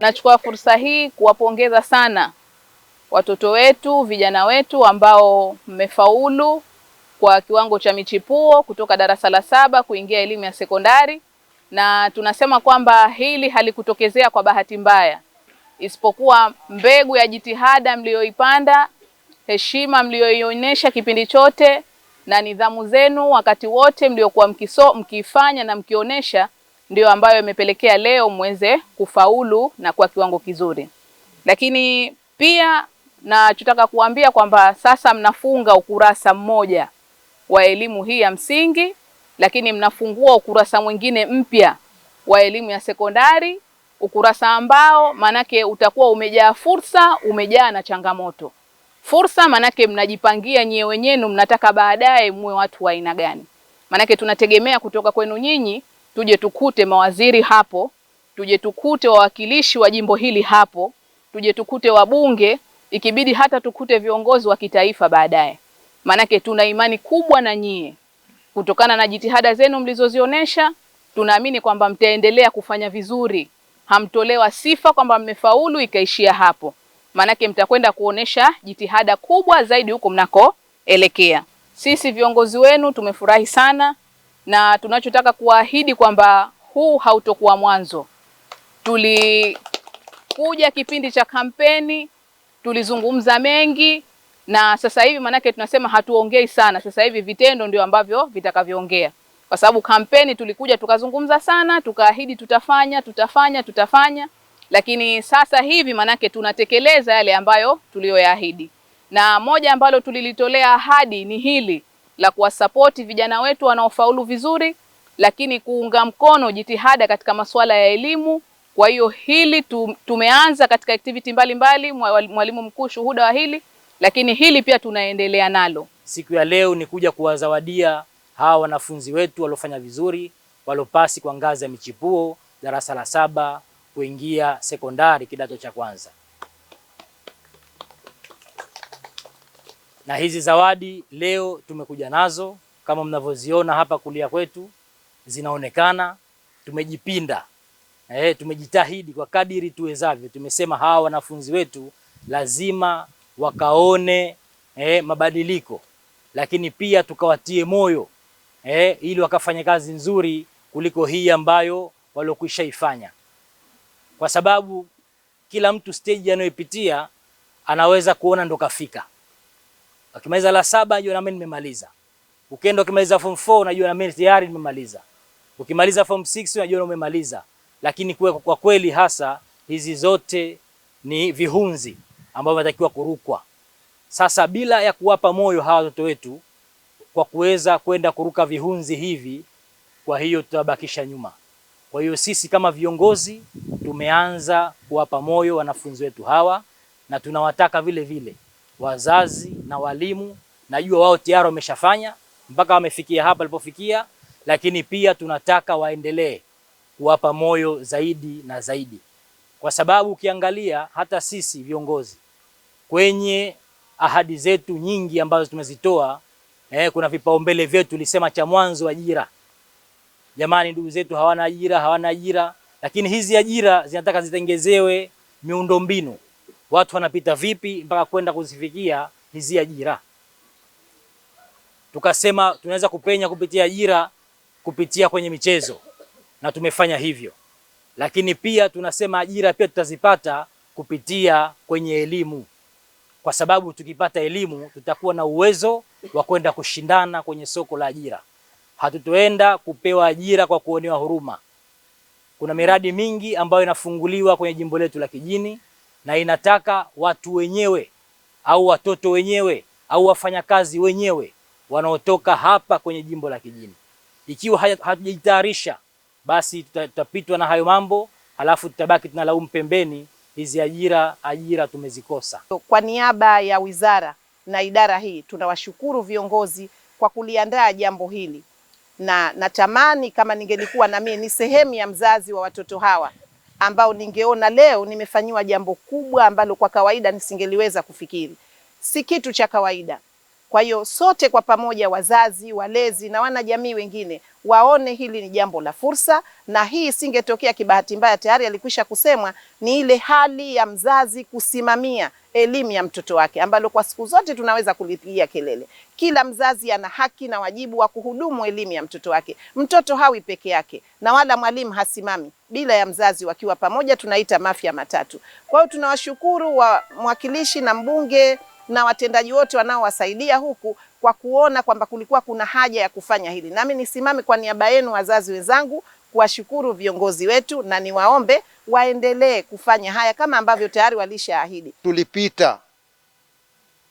Nachukua fursa hii kuwapongeza sana watoto wetu, vijana wetu ambao mmefaulu kwa kiwango cha michipuo kutoka darasa la saba kuingia elimu ya sekondari, na tunasema kwamba hili halikutokezea kwa bahati mbaya, isipokuwa mbegu ya jitihada mlioipanda, heshima mlioionyesha kipindi chote na nidhamu zenu wakati wote mliokuwa mkiso mkiifanya na mkionyesha ndio ambayo imepelekea leo mweze kufaulu na kwa kiwango kizuri. Lakini pia nachotaka kuambia kwamba sasa mnafunga ukurasa mmoja wa elimu hii ya msingi, lakini mnafungua ukurasa mwingine mpya wa elimu ya sekondari, ukurasa ambao manake utakuwa umejaa fursa, umejaa na changamoto. Fursa manake mnajipangia nyewe wenyewe, mnataka baadaye muwe watu wa aina gani? Manake tunategemea kutoka kwenu nyinyi tuje tukute mawaziri hapo, tuje tukute wawakilishi wa jimbo hili hapo, tuje tukute wabunge, ikibidi hata tukute viongozi wa kitaifa baadaye. Maanake tuna imani kubwa na nyie, kutokana na jitihada zenu mlizozionyesha, tunaamini kwamba mtaendelea kufanya vizuri. Hamtolewa sifa kwamba mmefaulu ikaishia hapo, maanake mtakwenda kuonesha jitihada kubwa zaidi huko mnakoelekea. Sisi viongozi wenu tumefurahi sana na tunachotaka kuahidi kwamba huu hautokuwa mwanzo. Tulikuja kipindi cha kampeni, tulizungumza mengi, na sasa hivi maanake tunasema hatuongei sana. Sasa hivi vitendo ndio ambavyo vitakavyoongea, kwa sababu kampeni tulikuja tukazungumza sana, tukaahidi tutafanya, tutafanya, tutafanya, lakini sasa hivi maanake tunatekeleza yale ambayo tuliyoyaahidi, na moja ambalo tulilitolea ahadi ni hili la kuwasapoti vijana wetu wanaofaulu vizuri, lakini kuunga mkono jitihada katika masuala ya elimu. Kwa hiyo hili tumeanza katika activity mbalimbali, mwalimu mkuu shuhuda wa hili, lakini hili pia tunaendelea nalo. Siku ya leo ni kuja kuwazawadia hawa wanafunzi wetu waliofanya vizuri, waliopasi kwa ngazi ya michipuo darasa la saba kuingia sekondari kidato cha kwanza. na hizi zawadi leo tumekuja nazo kama mnavyoziona hapa kulia kwetu zinaonekana. Tumejipinda eh, tumejitahidi kwa kadiri tuwezavyo. Tumesema hawa wanafunzi wetu lazima wakaone eh, mabadiliko, lakini pia tukawatie moyo eh, ili wakafanya kazi nzuri kuliko hii ambayo waliokwisha ifanya, kwa sababu kila mtu stage anayoipitia anaweza kuona ndo kafika. Akimaliza la saba unajua na mimi nimemaliza. Ukienda ukimaliza form 4 unajua na mimi tayari nimemaliza. Ukimaliza form 6 unajua na umemaliza. Lakini kwa, kwa kweli hasa hizi zote ni vihunzi ambavyo vinatakiwa kurukwa. Sasa bila ya kuwapa moyo hawa watoto wetu kwa kuweza kwenda kuruka vihunzi hivi, kwa hiyo tutawabakisha nyuma. Kwa hiyo sisi kama viongozi tumeanza kuwapa moyo wanafunzi wetu hawa na tunawataka vile vile wazazi na walimu, najua wao tayari wameshafanya mpaka wamefikia hapa walipofikia, lakini pia tunataka waendelee kuwapa moyo zaidi na zaidi, kwa sababu ukiangalia hata sisi viongozi kwenye ahadi zetu nyingi ambazo tumezitoa eh, kuna vipaumbele vyetu, tulisema cha mwanzo ajira. Jamani, ndugu zetu hawana ajira, hawana ajira, lakini hizi ajira zinataka zitengezewe miundombinu watu wanapita vipi mpaka kwenda kuzifikia hizi ajira. Tukasema tunaweza kupenya kupitia ajira kupitia kwenye michezo na tumefanya hivyo, lakini pia tunasema ajira pia tutazipata kupitia kwenye elimu, kwa sababu tukipata elimu tutakuwa na uwezo wa kwenda kushindana kwenye soko la ajira. Hatutoenda kupewa ajira kwa kuonewa huruma. Kuna miradi mingi ambayo inafunguliwa kwenye jimbo letu la Kijini na inataka watu wenyewe au watoto wenyewe au wafanyakazi wenyewe wanaotoka hapa kwenye jimbo la Kijini. Ikiwa hatujajitayarisha, basi tutapitwa na hayo mambo, halafu tutabaki tunalaumu pembeni hizi ajira, ajira tumezikosa. Kwa niaba ya wizara na idara hii tunawashukuru viongozi kwa kuliandaa jambo hili, na natamani kama ningelikuwa na mimi ni sehemu ya mzazi wa watoto hawa ambao ningeona leo nimefanyiwa jambo kubwa ambalo kwa kawaida nisingeliweza kufikiri. Si kitu cha kawaida. Kwa hiyo sote kwa pamoja, wazazi, walezi na wanajamii wengine waone hili ni jambo la fursa, na hii isingetokea kibahati mbaya, tayari alikwisha kusemwa, ni ile hali ya mzazi kusimamia elimu ya mtoto wake, ambalo kwa siku zote tunaweza kulipigia kelele. Kila mzazi ana haki na wajibu wa kuhudumu elimu ya mtoto wake. Mtoto hawi peke yake na wala mwalimu hasimami bila ya mzazi. Wakiwa pamoja, tunaita Mafia Matatu. Kwa hiyo tunawashukuru wa mwakilishi na mbunge na watendaji wote wanaowasaidia huku kwa kuona kwamba kulikuwa kuna haja ya kufanya hili. Nami nisimame kwa niaba yenu wazazi wenzangu kuwashukuru viongozi wetu na niwaombe waendelee kufanya haya kama ambavyo tayari walishaahidi. Tulipita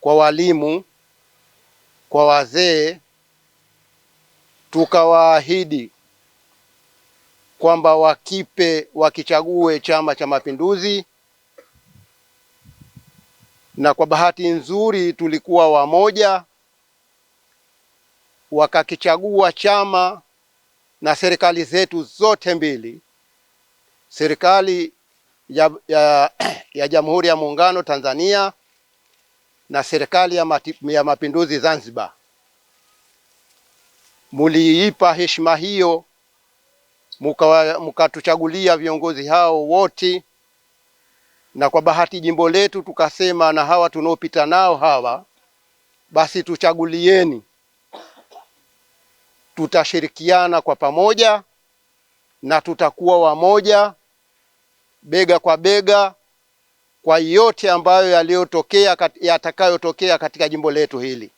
kwa walimu, kwa wazee, tukawaahidi kwamba wakipe wakichague Chama cha Mapinduzi na kwa bahati nzuri tulikuwa wamoja, wakakichagua chama na serikali zetu zote mbili, serikali ya, ya, ya Jamhuri ya Muungano Tanzania na serikali ya, mati, ya Mapinduzi Zanzibar, muliipa heshima hiyo mukatuchagulia viongozi hao wote na kwa bahati jimbo letu tukasema, na hawa tunaopita nao hawa, basi tuchagulieni, tutashirikiana kwa pamoja na tutakuwa wamoja bega kwa bega kwa yote ambayo yaliyotokea yatakayotokea katika jimbo letu hili.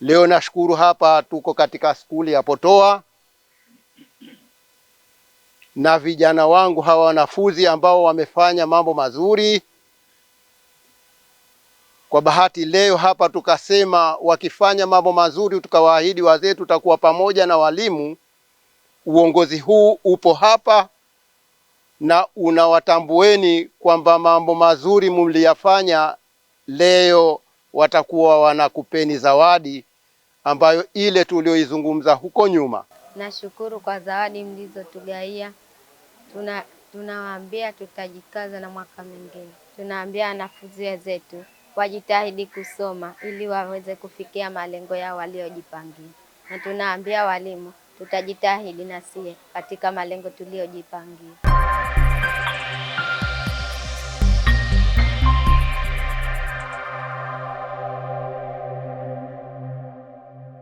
Leo nashukuru hapa tuko katika skuli ya Potoa na vijana wangu hawa wanafunzi ambao wamefanya mambo mazuri. Kwa bahati leo hapa tukasema wakifanya mambo mazuri, tukawaahidi wazee, tutakuwa pamoja na walimu. Uongozi huu upo hapa na unawatambueni kwamba mambo mazuri mliyafanya leo, watakuwa wanakupeni zawadi ambayo ile tulioizungumza huko nyuma. Nashukuru kwa zawadi mlizotugawia. Tuna tunawaambia tutajikaza na mwaka mwingine. Tunaambia wanafunzi wenzetu wajitahidi kusoma ili waweze kufikia malengo yao waliojipangia, na tunaambia walimu tutajitahidi na sie katika malengo tuliyojipangia.